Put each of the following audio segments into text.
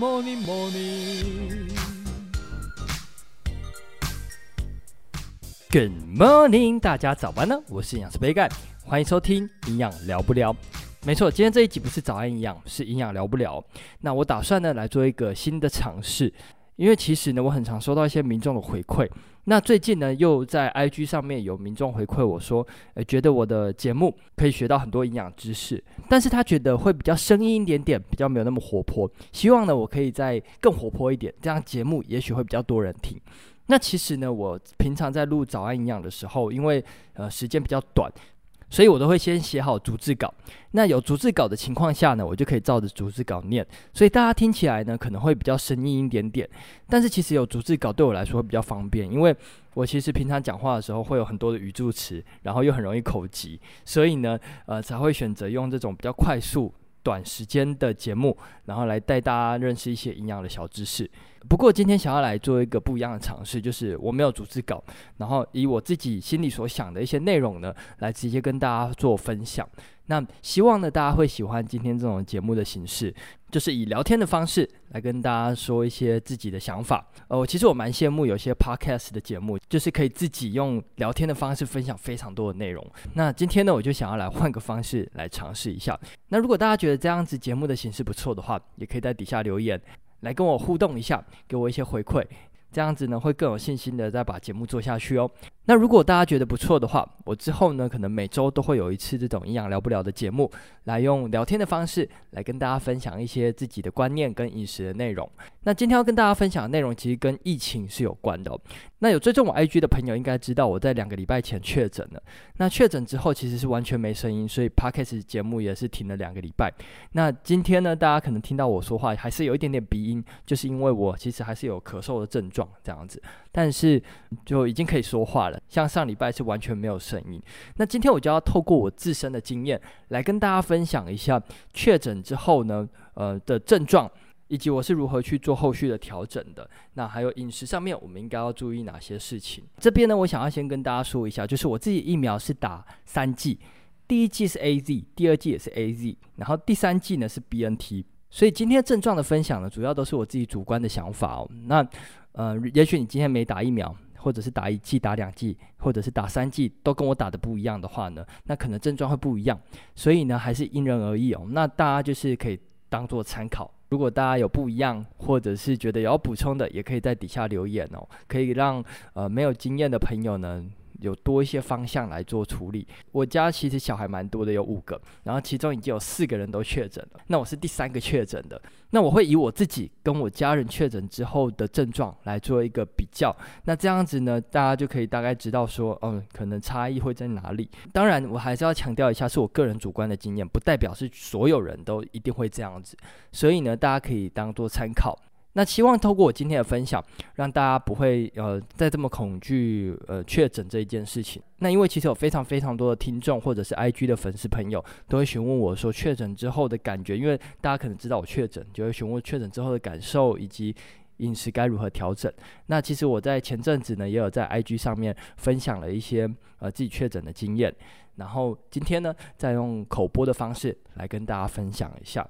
Morning, morning. Good morning，大家早安呢！我是營養師杯蓋，歡迎收聽《營養聊不聊》。沒錯，今天這一集不是早安營養，是《營養聊不聊》。那我打算呢，來做一個新的嘗試。因為其實呢，我很常收到一些民眾的回饋。那最近呢，又在 IG 上面有民眾回饋我說，呃，覺得我的節目可以學到很多營養知識，但是他覺得會比較生硬一點點，比較沒有那麼活潑，希望呢，我可以再更活潑一點，這樣節目也許會比較多人聽。那其實呢，我平常在錄早安營養的時候，因為呃時間比較短。所以我都會先寫好逐字稿。那有逐字稿的情況下呢，我就可以照着逐字稿念。所以大家聽起來呢，可能會比較生硬一點點。但是其實有逐字稿對我來說會比較方便，因為我其實平常講話的時候會有很多的語助詞，然後又很容易口急，所以呢，呃，才會選擇用這種比較快速。短時間的節目，然後來帶大家認識一些營養的小知識。不過今天想要來做一個不一樣的嘗試，就是我沒有逐字稿，然後以我自己心裡所想的一些內容呢，來直接跟大家做分享。那希望呢，大家會喜歡今天這種節目的形式，就是以聊天的方式來跟大家說一些自己的想法。呃、哦，其實我蠻羨慕有些 podcast 的節目，就是可以自己用聊天的方式分享非常多的內容。那今天呢，我就想要來換個方式來嘗試一下。那如果大家覺得這樣子節目的形式不錯的話，也可以在底下留言來跟我互動一下，給我一些回饋。這樣子呢，會更有信心的再把節目做下去哦。那如果大家覺得不錯的話，我之後呢，可能每周都會有一次這種營養聊不聊的節目，來用聊天的方式來跟大家分享一些自己的觀念跟飲食的內容。那今天要跟大家分享的內容，其實跟疫情是有關的哦。那有追蹤我 IG 的朋友應該知道，我在兩個禮拜前確診了。那確診之後，其實是完全沒聲音，所以 Podcast 節目也是停了兩個禮拜。那今天呢，大家可能聽到我說話還是有一點點鼻音，就是因為我其實還是有咳嗽的症狀。這樣子，但是就已經可以說話了。像上禮拜是完全沒有聲音。那今天我就要透過我自身的經驗來跟大家分享一下確診之後呢，呃的症狀，以及我是如何去做後續的調整的。那還有飲食上面，我們應該要注意哪些事情？這邊呢，我想要先跟大家說一下，就是我自己疫苗是打三劑，第一劑是 AZ，第二劑也是 AZ，然後第三劑呢是 BNT。所以今天症狀的分享呢，主要都是我自己主觀的想法哦。那呃，也許你今天沒打疫苗，或者是打一劑、打兩劑，或者是打三劑，都跟我打的不一樣的話呢，那可能症狀會不一樣。所以呢，還是因人而異哦。那大家就是可以當做參考。如果大家有不一樣，或者是覺得有要補充的，也可以在底下留言哦，可以讓呃沒有經驗的朋友呢。有多一些方向來做處理。我家其實小孩蠻多的，有五個，然後其中已經有四個人都確診了，那我是第三個確診的。那我會以我自己跟我家人確診之後的症狀來做一個比較，那這樣子呢，大家就可以大概知道說，嗯，可能差異會在哪裡。當然，我還是要強調一下，是我個人主觀的經驗，不代表是所有人都一定會這樣子，所以呢，大家可以當做參考。那希望透過我今天的分享，讓大家不會呃再這麼恐懼呃確診這一件事情。那因為其實有非常非常多的聽眾或者是 IG 的粉絲朋友都會詢問我說確診之後的感覺，因為大家可能知道我確診，就會詢問確診之後的感受以及飲食該如何調整。那其實我在前陣子呢也有在 IG 上面分享了一些呃自己確診的經驗，然後今天呢再用口播的方式來跟大家分享一下。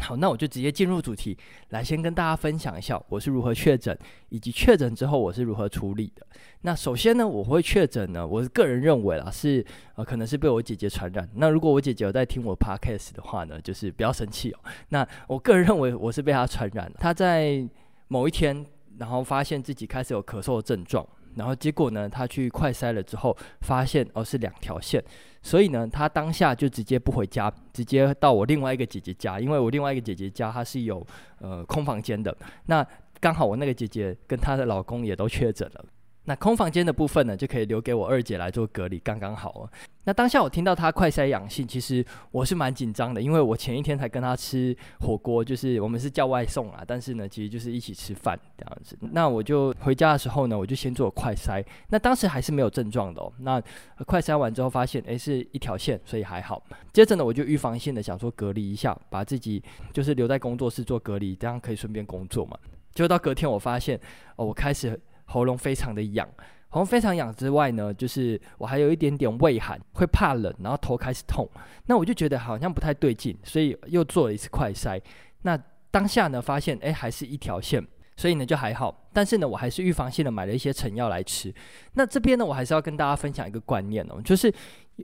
好，那我就直接進入主題，來先跟大家分享一下我是如何確診，以及確診之後我是如何處理的。那首先呢，我會確診呢，我個人認為啊，是呃可能是被我姐姐傳染。那如果我姐姐有在聽我 podcast 的話呢，就是不要生氣哦。那我個人認為我是被她傳染了，她在某一天，然後發現自己開始有咳嗽的症狀。然後結果呢，他去快篩了之後，發現哦是兩條線，所以呢，他當下就直接不回家，直接到我另外一個姐姐家，因為我另外一個姐姐家，她是有呃空房間的，那剛好我那個姐姐跟她的老公也都確診了。那空房間的部分呢，就可以留給我二姐來做隔離，剛剛好哦。那當下我聽到她快篩陽性，其實我是蠻緊張的，因為我前一天才跟她吃火鍋，就是我們是叫外送啊，但是呢，其實就是一起吃飯這樣子。那我就回家的時候呢，我就先做快篩。那當時還是沒有症狀的哦。那快篩完之後發現，誒是一條線，所以還好。接着呢，我就預防性的想說隔離一下，把自己就是留在工作室做隔離，這樣可以順便工作嘛。結果到隔天，我發現哦，我開始。喉嚨非常的癢，喉嚨非常癢之外呢，就是我還有一點點畏寒，會怕冷，然後頭開始痛，那我就覺得好像不太對勁，所以又做了一次快篩。那當下呢，發現哎、欸、還是一條線，所以呢就還好。但是呢，我還是預防性的買了一些成藥來吃。那這邊呢，我還是要跟大家分享一個觀念哦，就是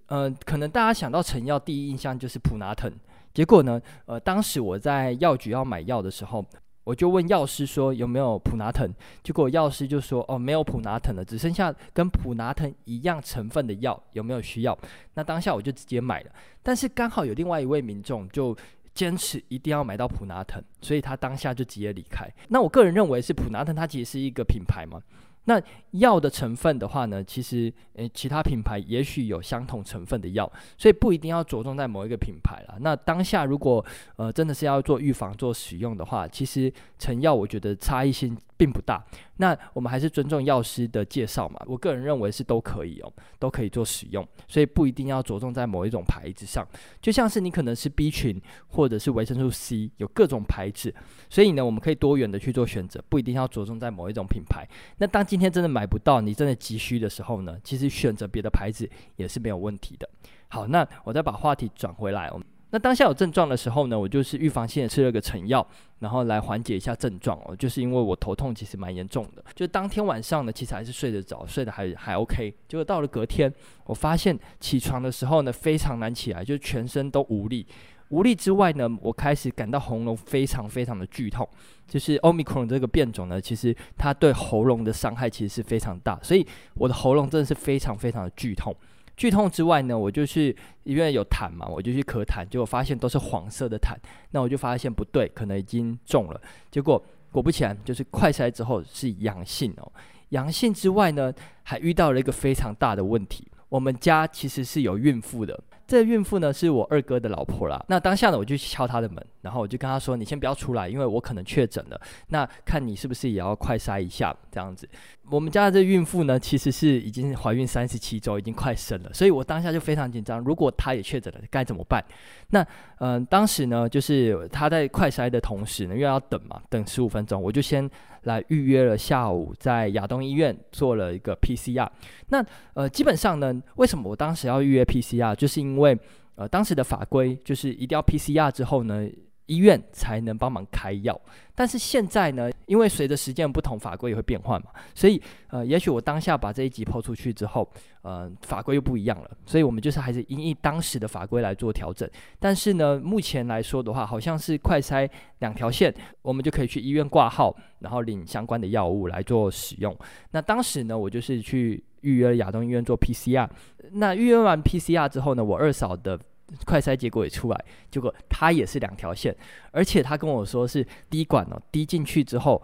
呃，可能大家想到成藥第一印象就是普拿疼，結果呢，呃，當時我在藥局要買藥的時候。我就問藥師說有沒有普拿疼？結果藥師就說哦，沒有普拿疼了，只剩下跟普拿疼一樣成分的藥，有沒有需要？那當下我就直接買了。但是剛好有另外一位民眾就堅持一定要買到普拿疼，所以他當下就直接離開。那我個人認為是普拿疼，它其實是一個品牌嘛。那藥的成分的話呢，其實誒其他品牌也許有相同成分的藥，所以不一定要着重在某一個品牌了。那當下如果呃真的是要做預防做使用的話，其實成藥我覺得差異性並不大，那我們還是尊重藥師的介紹嘛。我個人認為是都可以哦，都可以做使用，所以不一定要着重在某一種牌子上。就像是你可能是 B 群或者是維生素 C，有各種牌子，所以呢，我們可以多元的去做選擇，不一定要着重在某一種品牌。那當今天真的買不到，你真的急需的時候呢，其實選擇別的牌子也是沒有問題的。好，那我再把話題轉回來哦。那當下有症狀的時候呢，我就是預防性的吃了個成藥，然後來緩解一下症狀哦。就是因為我頭痛其實蠻嚴重的，就當天晚上呢，其實還是睡得着，睡得還還 OK。結果到了隔天，我發現起床的時候呢，非常難起來，就全身都無力。無力之外呢，我開始感到喉嚨非常非常的劇痛。就是 Omicron 這個變種呢，其實它對喉嚨的傷害其實是非常大，所以我的喉嚨真的是非常非常的劇痛。劇痛之外呢，我就去，因為有痰嘛，我就去咳痰，結果發現都是黃色的痰，那我就發現不對，可能已經中了。結果果不其然，就是快篩之後是陽性哦。陽性之外呢，還遇到了一個非常大的問題，我們家其實是有孕婦的，這個、孕婦呢是我二哥的老婆啦。那當下呢，我就去敲她的門。然後我就跟他說：“你先不要出來，因為我可能確診了。那看你是不是也要快篩一下，這樣子。我們家的這孕婦呢，其實是已經懷孕三十七周，已經快生了。所以我當下就非常緊張，如果她也確診了，該怎麼辦？那嗯、呃，當時呢，就是她在快篩的同時呢，又要等嘛，等十五分鐘。我就先來預約了下午在亞東醫院做了一個 PCR。那呃，基本上呢，為什麼我當時要預約 PCR？就是因為呃，當時的法規就是一定要 PCR 之後呢。”醫院才能幫忙開藥，但是現在呢，因為隨着時間不同，法規也會變換嘛，所以呃，也許我當下把這一集拋出去之後，呃，法規又不一樣了，所以我們就是還是因應當時的法規來做調整。但是呢，目前來說的話，好像是快篩兩條線，我們就可以去醫院掛號，然後領相關的藥物來做使用。那當時呢，我就是去預約了亞東醫院做 PCR，那預約完 PCR 之後呢，我二嫂的。快篩結果也出來，結果他也是兩條線，而且他跟我說是滴管哦，滴進去之後，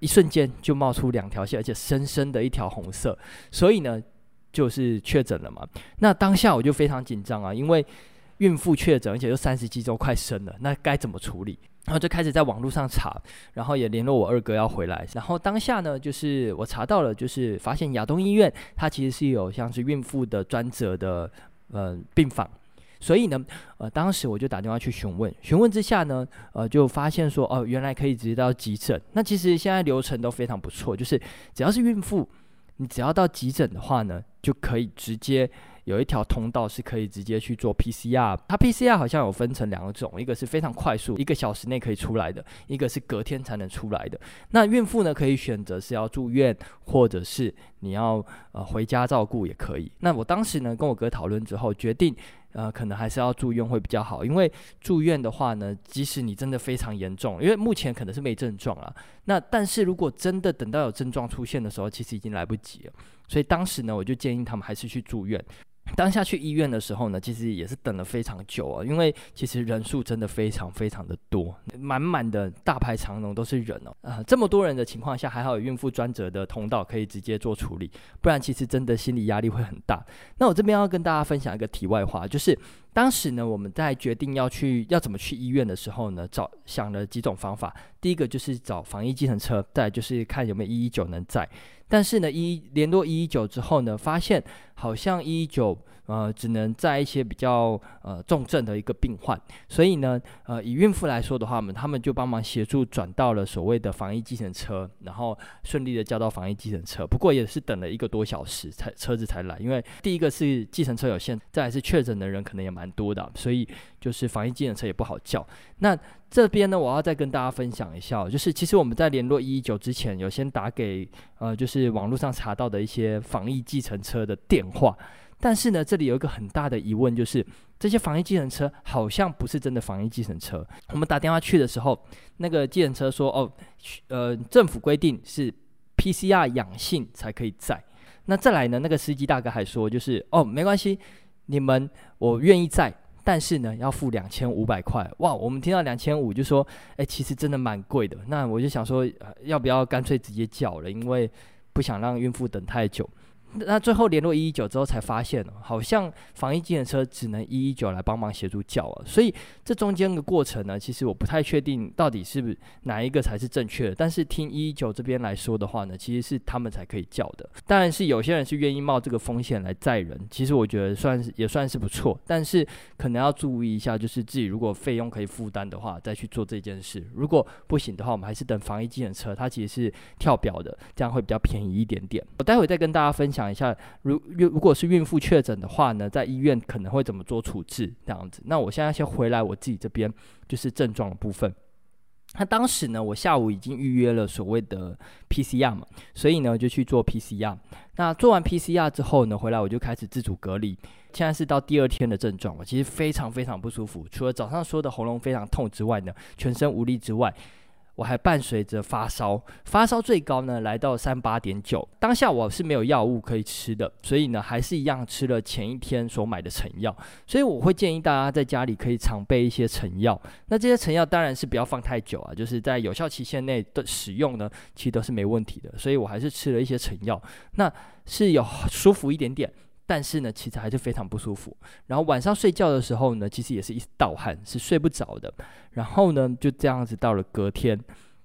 一瞬間就冒出兩條線，而且深深的一條紅色，所以呢就是確診了嘛。那當下我就非常緊張啊，因為孕婦確診，而且又三十幾周快生了，那該怎麼處理？然後就開始在網絡上查，然後也聯絡我二哥要回來。然後當下呢，就是我查到了，就是發現亞東醫院它其實是有像是孕婦的專責的嗯、呃、病房。所以呢，呃，當時我就打電話去詢問，詢問之下呢，呃，就發現說，哦，原來可以直接到急診。那其實現在流程都非常不錯，就是只要是孕婦，你只要到急診的話呢，就可以直接。有一條通道是可以直接去做 PCR，它 PCR 好像有分成兩種，一個是非常快速，一個小時內可以出來的，一個是隔天才能出來的。那孕婦呢，可以選擇是要住院，或者是你要呃回家照顧也可以。那我當時呢，跟我哥討論之後，決定呃可能還是要住院會比較好，因為住院的話呢，即使你真的非常嚴重，因為目前可能是沒症狀啊，那但是如果真的等到有症狀出現的時候，其實已經來不及了。所以當時呢，我就建議他們還是去住院。當下去醫院的時候呢，其實也是等了非常久啊、哦，因為其實人數真的非常非常的多，滿滿的大排長龍都是人哦啊、呃！這麼多人的情況下，還好有孕婦專責的通道可以直接做處理，不然其實真的心理壓力會很大。那我這邊要跟大家分享一個題外話，就是當時呢，我們在決定要去要怎麼去醫院的時候呢，找想了幾種方法，第一個就是找防疫計程車，再就是看有沒有一一九能載，但是呢，一聯絡一一九之後呢，發現好像一一九呃只能載一些比較呃重症的一個病患，所以呢呃以孕婦來說的話，我們他們就幫忙協助轉到了所謂的防疫計程車，然後順利的叫到防疫計程車，不過也是等了一個多小時才車子才來，因為第一個是計程車有限，再來是確診的人可能也蠻多的，所以就是防疫計程車也不好叫。那這邊呢，我要再跟大家分享一下哦，就是其實我們在聯絡一一九之前，有先打給呃，就是網絡上查到的一些防疫計程車的電話，但是呢，這裡有一個很大的疑問，就是這些防疫計程車好像不是真的防疫計程車。我們打電話去的時候，那個計程車說：“哦，呃，政府規定是 PCR 陽性才可以載。”那再來呢，那個司機大哥還說：“就是哦，沒關係，你們我願意載。”但是呢，要付兩千五百塊哇！我們聽到兩千五就說，哎、欸，其實真的蠻貴的。那我就想說，要不要乾脆直接叫了？因為不想讓孕婦等太久。那最後聯絡一一九之後，才發現、啊、好像防疫計程車只能一一九來幫忙協助叫啊。所以這中間的過程呢，其實我不太確定到底是不是哪一個才是正確的。但是聽一一九這邊來說的話呢，其實是他們才可以叫的。當然是有些人是願意冒這個風險來載人，其實我覺得算是也算是不錯。但是可能要注意一下，就是自己如果費用可以負擔的話，再去做這件事。如果不行的話，我們還是等防疫計程車，它其實是跳表的，這樣會比較便宜一點點。我待會再跟大家分享。想一下，如、如果是孕婦確診的話呢，在醫院可能會怎麼做處置？這樣子。那我現在先回來，我自己這邊就是症狀的部分。那當時呢，我下午已經預約了所謂的 PCR 嘛，所以呢就去做 PCR。那做完 PCR 之後呢，回來我就開始自主隔離。現在是到第二天的症狀，我其實非常非常不舒服。除了早上說的喉嚨非常痛之外呢，全身無力之外。我還伴隨着發燒，發燒最高呢來到三八點九。當下我是沒有藥物可以吃的，所以呢還是一樣吃了前一天所買的成藥。所以我會建議大家在家裡可以常備一些成藥。那這些成藥當然是不要放太久啊，就是在有效期限內的使用呢，其實都是沒問題的。所以我還是吃了一些成藥，那是有舒服一點點。但是呢，其實還是非常不舒服。然後晚上睡覺的時候呢，其實也是一直盜汗，是睡不着的。然後呢，就這樣子到了隔天，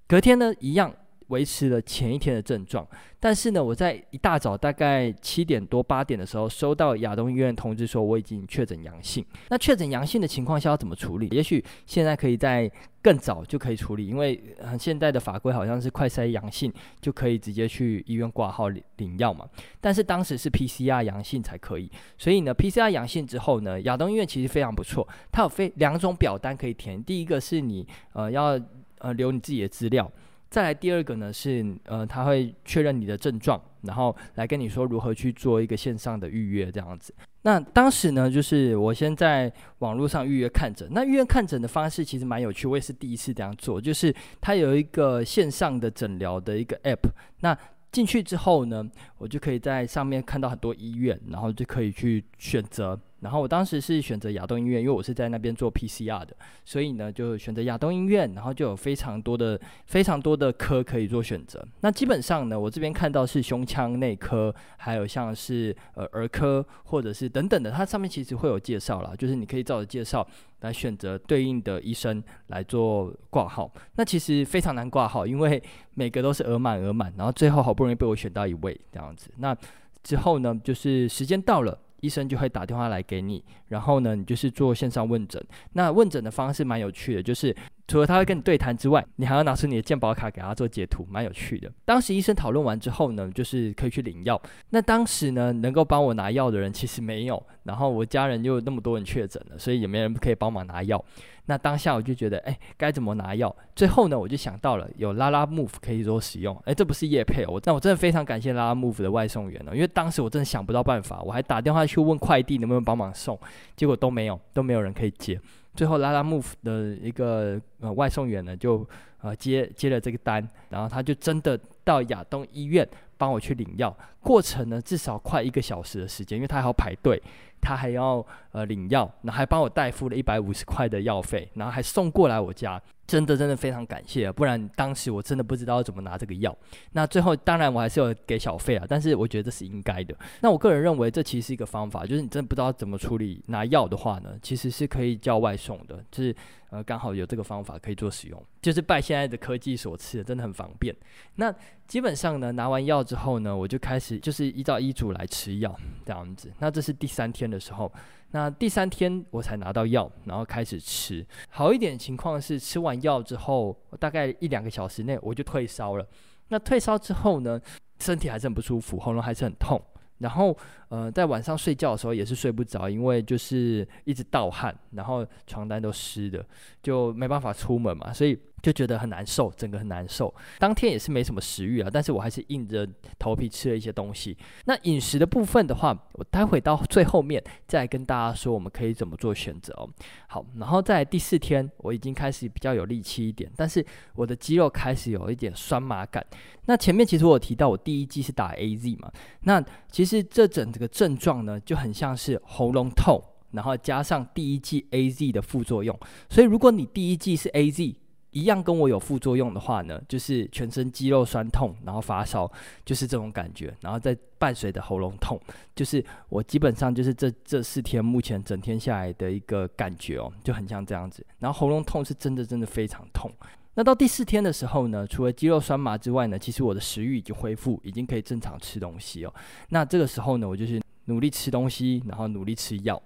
隔天呢一樣維持了前一天的症狀。但是呢，我在一大早大概七點多八點的時候，收到亞東醫院通知說我已經確診陽性。那確診陽性的情況下要怎麼處理？也許現在可以在。更早就可以處理，因為現在的法規好像是快篩陽性就可以直接去醫院掛號領藥嘛，但是當時是 PCR 陽性才可以，所以呢 PCR 陽性之後呢，亞東醫院其實非常不錯，它有非兩種表單可以填，第一個是你呃要呃留你自己的資料。再來第二個呢，是呃，他會確認你的症狀，然後來跟你說如何去做一個線上的預約這樣子。那當時呢，就是我先在網絡上預約看診。那預約看診的方式其實蠻有趣，我也是第一次這樣做，就是它有一個線上的診療的一個 APP。那進去之後呢？我就可以在上面看到很多醫院，然後就可以去選擇。然後我當時是選擇亞東醫院，因為我是在那邊做 PCR 的，所以呢就選擇亞東醫院，然後就有非常多的非常多的科可以做選擇。那基本上呢，我這邊看到是胸腔內科，還有像是呃兒科或者是等等的，它上面其實會有介紹啦，就是你可以照着介紹來選擇對應的醫生來做掛號。那其實非常難掛號，因為每個都是額滿額滿，然後最後好不容易被我選到一位這樣。那之後呢，就是時間到了，醫生就會打電話來給你。然後呢，你就是做線上問診。那問診的方式蠻有趣的，就是。除了他會跟你對談之外，你還要拿出你的健保卡給他做截圖，蠻有趣的。當時醫生討論完之後呢，就是可以去領藥。那當時呢，能夠幫我拿藥的人其實沒有，然後我家人又有那麼多人確診了，所以也沒人可以幫忙拿藥。那當下我就覺得，哎，該怎麼拿藥？最後呢，我就想到了有拉拉 move 可以做使用。哎，這不是葉配哦，但我真的非常感謝拉拉 move 的外送員呢、哦，因為當時我真的想不到辦法，我還打電話去問快遞能不能幫忙送，結果都沒有，都沒有人可以接。最後，Lalamove 的一個呃外送員呢就。啊，接接了這個單，然後他就真的到亞東醫院幫我去領藥，過程呢至少快一個小時的時間，因為他還要排隊，他還要呃領藥，然後還幫我代付了一百五十塊的藥費，然後還送過來我家，真的真的非常感謝啊，不然當時我真的不知道怎麼拿這個藥。那最後當然我還是有給小費啊，但是我覺得這是應該的。那我個人認為這其實是一個方法，就是你真的不知道怎麼處理拿藥的話呢，其實是可以叫外送的，就是。呃，剛好有這個方法可以做使用，就是拜現在的科技所賜，真的很方便。那基本上呢，拿完藥之後呢，我就開始就是依照醫囑來吃藥這樣子。那這是第三天的時候，那第三天我才拿到藥，然後開始吃。好一點情況是吃完藥之後，大概一兩個小時內我就退燒了。那退燒之後呢，身體還是很不舒服，喉嚨還是很痛。然後，呃，在晚上睡覺的時候也是睡不着，因為就是一直盜汗，然後床單都濕的，就沒辦法出門嘛，所以。就覺得很難受，整個很難受。當天也是沒什麼食欲了，但是我還是硬着頭皮吃了一些東西。那飲食的部分的話，我待會到最後面再跟大家說，我們可以怎麼做選擇哦。好，然後在第四天，我已經開始比較有力氣一點，但是我的肌肉開始有一點酸麻感。那前面其實我有提到，我第一劑是打 A Z 嘛，那其實這整個症狀呢，就很像是喉嚨痛，然後加上第一劑 A Z 的副作用。所以如果你第一劑是 A Z，一樣跟我有副作用的話呢，就是全身肌肉痠痛，然後發燒，就是這種感覺，然後再伴隨著喉嚨痛，就是我基本上就是這這四天目前整天下來的一個感覺哦，就很像這樣子。然後喉嚨痛是真的真的非常痛。那到第四天的時候呢，除了肌肉酸麻之外呢，其實我的食欲已經恢復，已經可以正常吃東西哦。那這個時候呢，我就是努力吃東西，然後努力吃藥。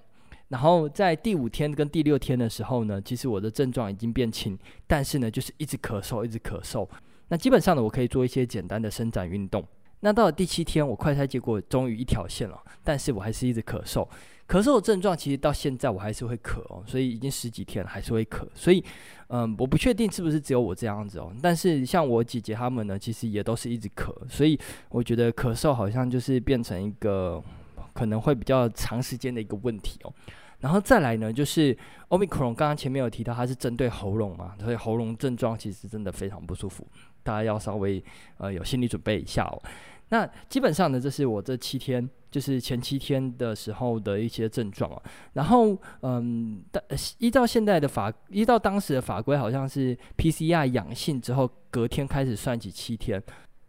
然後在第五天跟第六天的時候呢，其實我的症狀已經變輕，但是呢，就是一直咳嗽，一直咳嗽。那基本上呢，我可以做一些簡單的伸展運動。那到了第七天，我快篩結果終於一條線了，但是我還是一直咳嗽。咳嗽的症狀其實到現在我還是會咳哦，所以已經十幾天了還是會咳。所以，嗯，我不確定是不是只有我這樣子哦，但是像我姐姐她們呢，其實也都是一直咳。所以我覺得咳嗽好像就是變成一個。可能會比較長時間的一個問題哦，然後再來呢，就是 Omicron，剛剛前面有提到，它是針對喉嚨嘛，所以喉嚨症狀其實真的非常不舒服，大家要稍微呃有心理準備一下哦。那基本上呢，這是我這七天，就是前七天的時候的一些症狀哦，啊。然後嗯，依照現在的法，依照當時的法規，好像是 PCR 陽性之後隔天開始算起七天。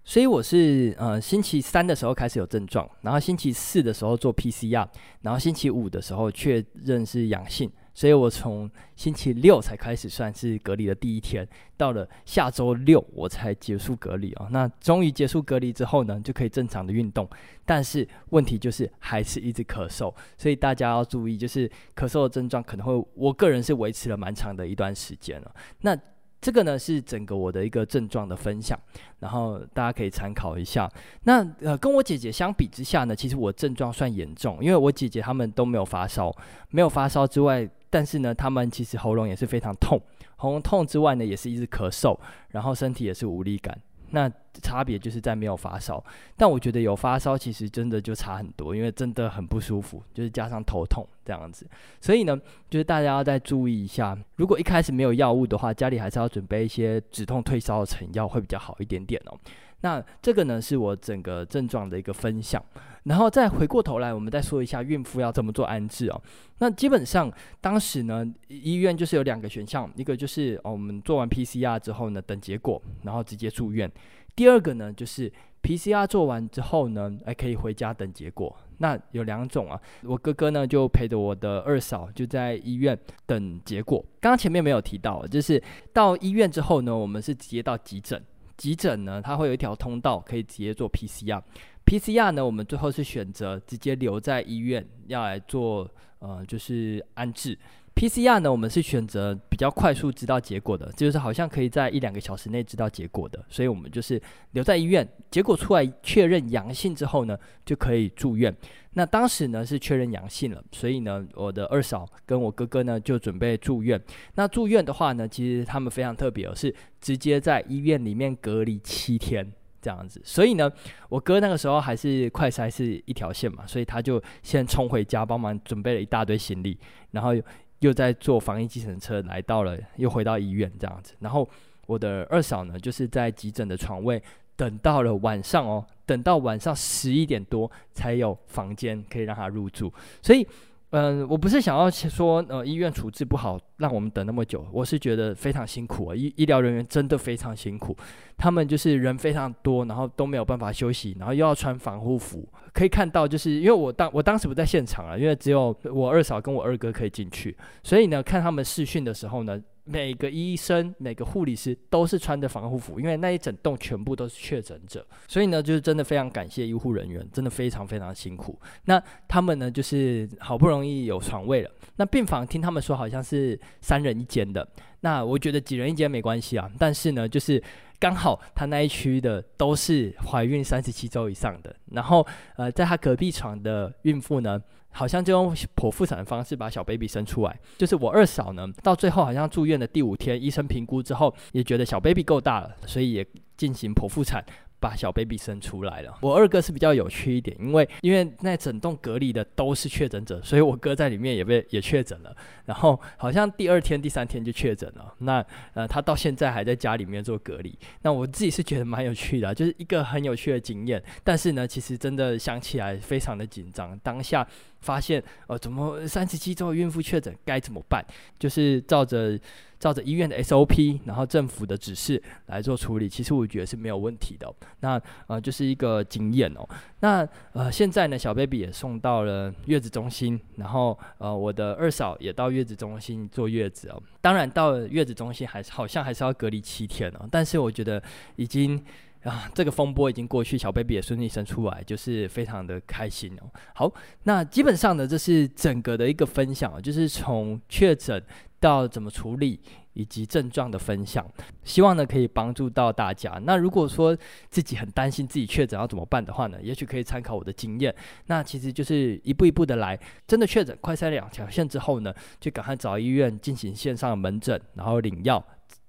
所以我是呃星期三的時候開始有症狀，然後星期四的時候做 PCR，然後星期五的時候確認是陽性，所以我從星期六才開始算是隔離的第一天，到了下周六我才結束隔離哦。那終於結束隔離之後呢，就可以正常的運動，但是問題就是還是一直咳嗽，所以大家要注意，就是咳嗽的症狀可能會，我個人是維持了蠻長的一段時間了。那這個呢是整個我的一個症狀的分享，然後大家可以參考一下。那呃跟我姐姐相比之下呢，其實我症狀算嚴重，因為我姐姐他們都沒有發燒，沒有發燒之外，但是呢他們其實喉嚨也是非常痛，喉嚨痛之外呢也是一直咳嗽，然後身體也是無力感。那差別就是在沒有發燒，但我覺得有發燒其實真的就差很多，因為真的很不舒服，就是加上頭痛這樣子。所以呢，就是大家要再注意一下，如果一開始沒有藥物的話，家裡還是要準備一些止痛退燒的成藥會比較好一點點哦。那這個呢，是我整個症狀的一個分享，然後再回過頭來，我們再說一下孕婦要怎麼做安置哦。那基本上當時呢，醫院就是有兩個選項，一個就是哦，我們做完 PCR 之後呢，等結果，然後直接住院；第二個呢，就是 PCR 做完之後呢，還可以回家等結果。那有兩種啊，我哥哥呢就陪着我的二嫂就在醫院等結果。剛剛前面沒有提到，就是到醫院之後呢，我們是直接到急診。急診呢，它會有一條通道可以直接做 PCR。PCR 呢，我們最後是選擇直接留在醫院，要來做呃就是安置。PCR 呢，我們是選擇比較快速知道結果的，就是好像可以在一兩個小時內知道結果的，所以我們就是留在醫院，結果出來確認陽性之後呢，就可以住院。那當時呢是確認陽性了，所以呢，我的二嫂跟我哥哥呢就準備住院。那住院的話呢，其實他們非常特別，哦，是直接在醫院裡面隔離七天這樣子。所以呢，我哥那個時候還是快篩是一條線嘛，所以他就先衝回家幫忙準備了一大堆行李，然後又再坐防疫計程車來到了，又回到醫院這樣子。然後我的二嫂呢，就是在急診的床位等到了晚上哦。等到晚上十一點多才有房間可以讓他入住，所以，嗯、呃，我不是想要說，呃，醫院處置不好，讓我們等那麼久，我是覺得非常辛苦啊，醫醫療人員真的非常辛苦，他們就是人非常多，然後都沒有辦法休息，然後又要穿防護服，可以看到，就是因為我當我當時不在現場啊，因為只有我二嫂跟我二哥可以進去，所以呢，看他們視訊的時候呢。每個醫生、每個護理師都是穿着防護服，因為那一整棟全部都是確診者，所以呢，就是真的非常感謝醫護人員，真的非常非常辛苦。那他們呢，就是好不容易有床位了。那病房聽他們說好像是三人一間的，那我覺得幾人一間沒關係啊，但是呢，就是剛好他那一區的都是懷孕三十七週以上的，然後呃，在他隔壁床的孕婦呢。好像就用剖腹產的方式把小 baby 生出來。就是我二嫂呢，到最後好像住院的第五天，醫生評估之後也覺得小 baby 夠大了，所以也進行剖腹產把小 baby 生出來了。我二哥是比較有趣一點，因為因為那整棟隔離的都是確診者，所以我哥在裡面也被也確診了。然後好像第二天、第三天就確診了。那呃，他到現在還在家裡面做隔離。那我自己是覺得蠻有趣的，就是一個很有趣的經驗。但是呢，其實真的想起來非常的緊張，當下。發現呃，怎麼三十七周孕婦確診該怎麼辦？就是照着照着醫院的 SOP，然後政府的指示來做處理。其實我覺得是沒有問題的哦。那呃，就是一個經驗哦。那呃，現在呢，小 baby 也送到了月子中心，然後呃，我的二嫂也到月子中心坐月子哦。當然，到了月子中心還是好像還是要隔離七天哦。但是我覺得已經。啊，這個風波已經過去，小 baby 也順利生出來，就是非常的開心哦。好，那基本上呢，這是整個的一個分享，就是從確診到怎麼處理，以及症狀的分享，希望呢可以幫助到大家。那如果說自己很擔心自己確診要怎麼辦的話呢，也許可以參考我的經驗。那其實就是一步一步的來，真的確診快篩兩條線之後呢，就趕快找醫院進行線上門診，然後領藥。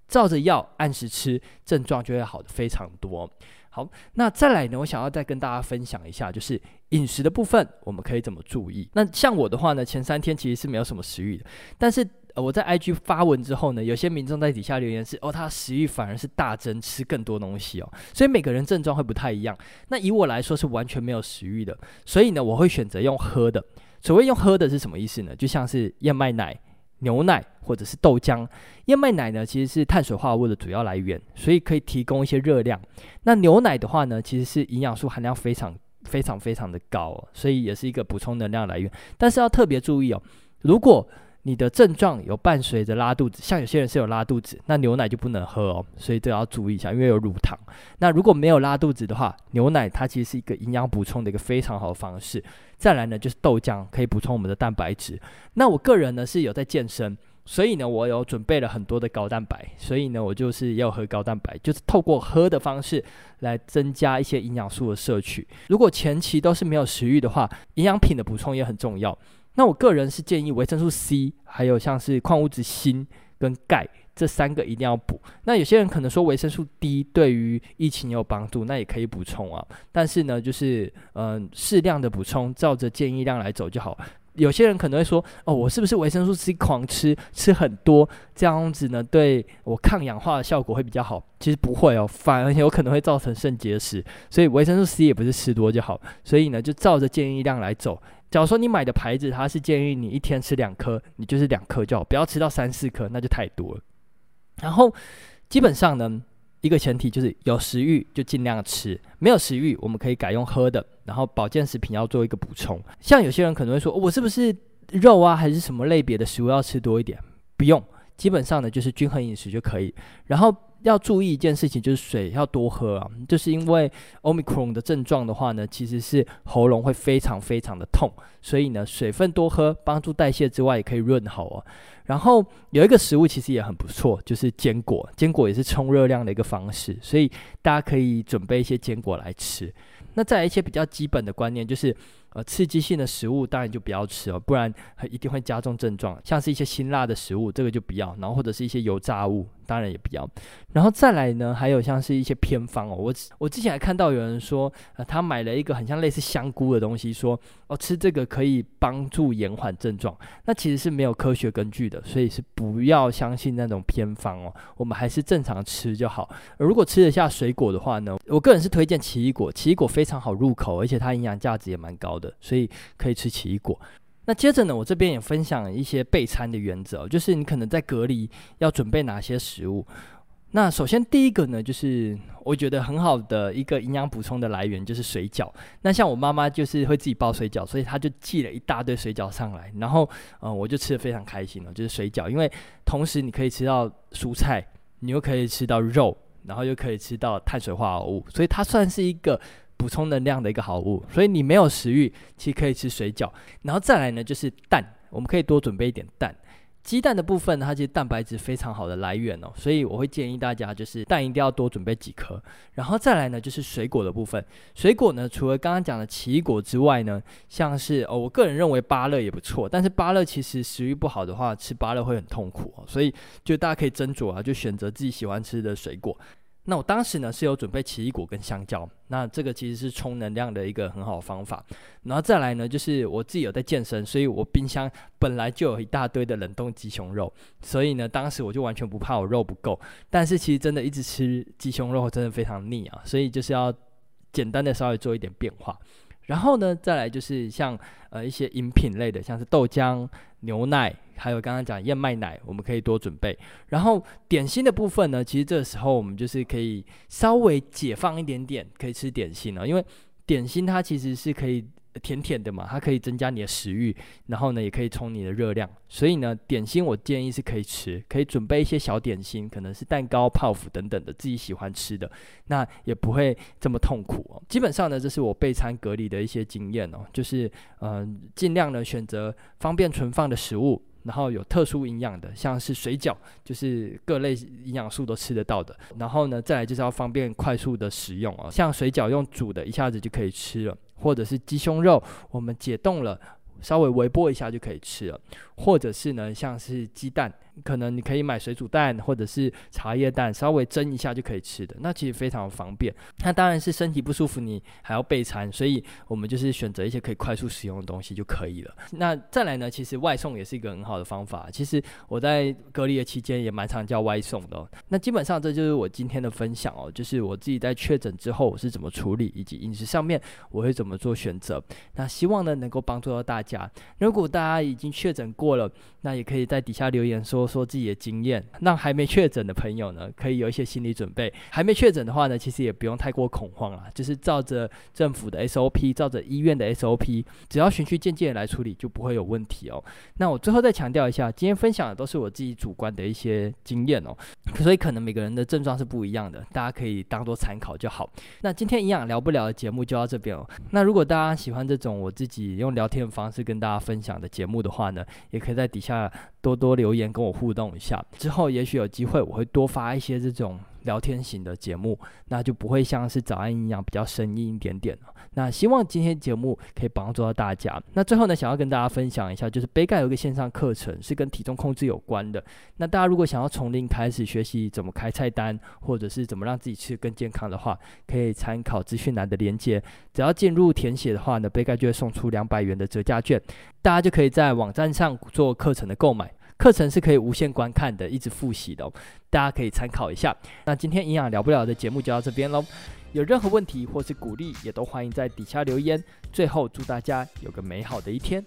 照着藥按時吃，症狀就會好得非常多。好，那再來呢？我想要再跟大家分享一下，就是飲食的部分，我們可以怎麼注意？那像我的話呢，前三天其實是沒有什麼食慾的。但是、呃、我在 IG 發文之後呢，有些民眾在底下留言是：哦，他食慾反而是大增，吃更多東西哦。所以每個人症狀會不太一樣。那以我來說是完全沒有食慾的，所以呢，我會選擇用喝的。所謂用喝的是什麼意思呢？就像是燕麥奶。牛奶或者是豆漿，燕麥奶呢，其實是碳水化合物的主要來源，所以可以提供一些熱量。那牛奶的話呢，其實是營養素含量非常非常非常的高哦，所以也是一個補充能量來源。但是要特別注意哦，如果。你的症狀有伴隨着拉肚子，像有些人是有拉肚子，那牛奶就不能喝哦，所以都要注意一下，因為有乳糖。那如果沒有拉肚子的話，牛奶它其實是一個營養補充的一個非常好的方式。再來呢，就是豆漿可以補充我們的蛋白質。那我個人呢是有在健身，所以呢我有準備了很多的高蛋白，所以呢我就是要喝高蛋白，就是透過喝的方式來增加一些營養素的攝取。如果前期都是沒有食慾的話，營養品的補充也很重要。那我個人是建議維生素 C，還有像是礦物質鋅跟鈣這三個一定要補。那有些人可能說維生素 D 對於疫情有幫助，那也可以補充啊。但是呢，就是嗯適量的補充，照着建議量來走就好。有些人可能會說哦，我是不是維生素 C 狂吃，吃很多，這樣子呢對我抗氧化的效果會比較好？其實不會哦，反而有可能會造成腎結石。所以維生素 C 也不是吃多就好，所以呢就照着建議量來走。假如說你買的牌子，它是建議你一天吃兩顆，你就是兩顆就好，不要吃到三四顆，那就太多了。然後基本上呢，一個前提就是有食欲就盡量吃，沒有食欲我們可以改用喝的，然後保健食品要做一個補充。像有些人可能會說，哦，我是不是肉啊，還是什麼類別的食物要吃多一點？不用，基本上呢就是均衡飲食就可以。然後要注意一件事情，就是水要多喝啊，就是因為 Omicron 的症狀的話呢，其實是喉嚨會非常非常的痛，所以呢，水分多喝幫助代謝之外，也可以潤喉啊。然後有一個食物其實也很不錯，就是堅果，堅果也是衝熱量的一個方式，所以大家可以準備一些堅果來吃。那再來一些比較基本的觀念就是。呃，刺激性的食物當然就不要吃哦，不然一定會加重症狀。像是一些辛辣的食物，這個就不要。然後或者是一些油炸物，當然也不要。然後再來呢，還有像是一些偏方哦。我我之前還看到有人說，呃，他買了一個很像類似香菇的東西說，說哦吃這個可以幫助延緩症狀。那其實是沒有科學根據的，所以是不要相信那種偏方哦。我們還是正常吃就好。如果吃得下水果的話呢，我個人是推薦奇異果，奇異果非常好入口，而且它營養價值也蠻高的。所以可以吃奇異果。那接着呢，我這邊也分享一些備餐的原則哦，就是你可能在隔離要準備哪些食物。那首先第一個呢，就是我覺得很好的一個營養補充的來源就是水餃。那像我媽媽就是會自己包水餃，所以她就寄了一大堆水餃上來，然後嗯，我就吃得非常開心了哦，就是水餃，因為同時你可以吃到蔬菜，你又可以吃到肉，然後又可以吃到碳水化合物，所以它算是一個。補充能量的一個好物，所以你沒有食慾，其實可以吃水餃。然後再來呢，就是蛋，我們可以多準備一點蛋。雞蛋的部分它其實蛋白質非常好的來源哦，所以我會建議大家，就是蛋一定要多準備幾顆。然後再來呢，就是水果的部分。水果呢，除了剛剛講的奇異果之外呢，像是哦，我個人認為芭樂也不錯，但是芭樂其實食慾不好的話，吃芭樂會很痛苦哦，所以就大家可以斟酌啊，就選擇自己喜歡吃的水果。那我當時呢是有準備奇異果跟香蕉，那這個其實是充能量的一個很好方法。然後再來呢，就是我自己有在健身，所以我冰箱本來就有一大堆的冷凍雞胸肉，所以呢，當時我就完全不怕我肉不夠。但是其實真的一直吃雞胸肉真的非常膩啊，所以就是要簡單的稍微做一點變化。然後呢，再來就是像呃一些飲品類的，像是豆漿。牛奶，還有剛剛講燕麥奶，我們可以多準備。然後點心的部分呢，其實這個時候我們就是可以稍微解放一點點，可以吃點心了，因為點心它其實是可以。甜甜的嘛，它可以增加你的食慾，然後呢，也可以充你的熱量。所以呢，點心我建議是可以吃，可以準備一些小點心，可能是蛋糕、泡芙等等的，自己喜歡吃的，那也不會這麼痛苦哦。基本上呢，這是我備餐隔離的一些經驗哦，就是嗯、呃，儘量呢選擇方便存放的食物，然後有特殊營養的，像是水餃，就是各類營養素都吃得到的。然後呢，再來就是要方便快速的食用哦，像水餃用煮的，一下子就可以吃了。或者是雞胸肉，我們解凍了，稍微微波一下就可以吃了。或者是呢，像是雞蛋。可能你可以買水煮蛋或者是茶葉蛋，稍微蒸一下就可以吃的，那其實非常的方便。那當然是身體不舒服，你還要備餐，所以我們就是選擇一些可以快速使用的東西就可以了。那再來呢，其實外送也是一個很好的方法。其實我在隔離的期間也蠻常叫外送的。那基本上這就是我今天的分享喔，就是我自己在確診之後我是怎麼處理，以及飲食上面我會怎麼做選擇。那希望呢能夠幫助到大家。如果大家已經確診過了，那也可以在底下留言說。說自己的經驗，讓還沒確診的朋友呢，可以有一些心理準備。還沒確診的話呢，其實也不用太過恐慌啦，就是照着政府的 SOP，照着醫院的 SOP，只要循序漸進來處理，就不會有問題哦。那我最後再強調一下，今天分享的都是我自己主觀的一些經驗哦，所以可能每個人的症狀是不一樣的，大家可以當做參考就好。那今天營養聊不聊的節目就到這邊哦。那如果大家喜歡這種我自己用聊天的方式跟大家分享的節目的話呢，也可以在底下。多多留言跟我互動一下，之後也許有機會我會多發一些這種，聊天型的節目，那就不會像是早安一樣比較生硬一點點。那希望今天節目可以幫助到大家。那最後呢，想要跟大家分享一下，就是杯蓋有個線上課程是跟體重控制有關的。那大家如果想要從零開始學習怎麼開菜單，或者是怎麼讓自己吃更健康的話，可以參考資訊欄的鏈接。只要進入填寫的話呢，杯蓋就會送出兩百元的折價券，大家就可以在網站上做課程的購買。課程是可以無限觀看的，一直複習的哦，大家可以參考一下。那今天營養聊不聊的節目就到這邊嘍。有任何問題或是鼓勵，也都歡迎在底下留言。最後，祝大家有個美好的一天。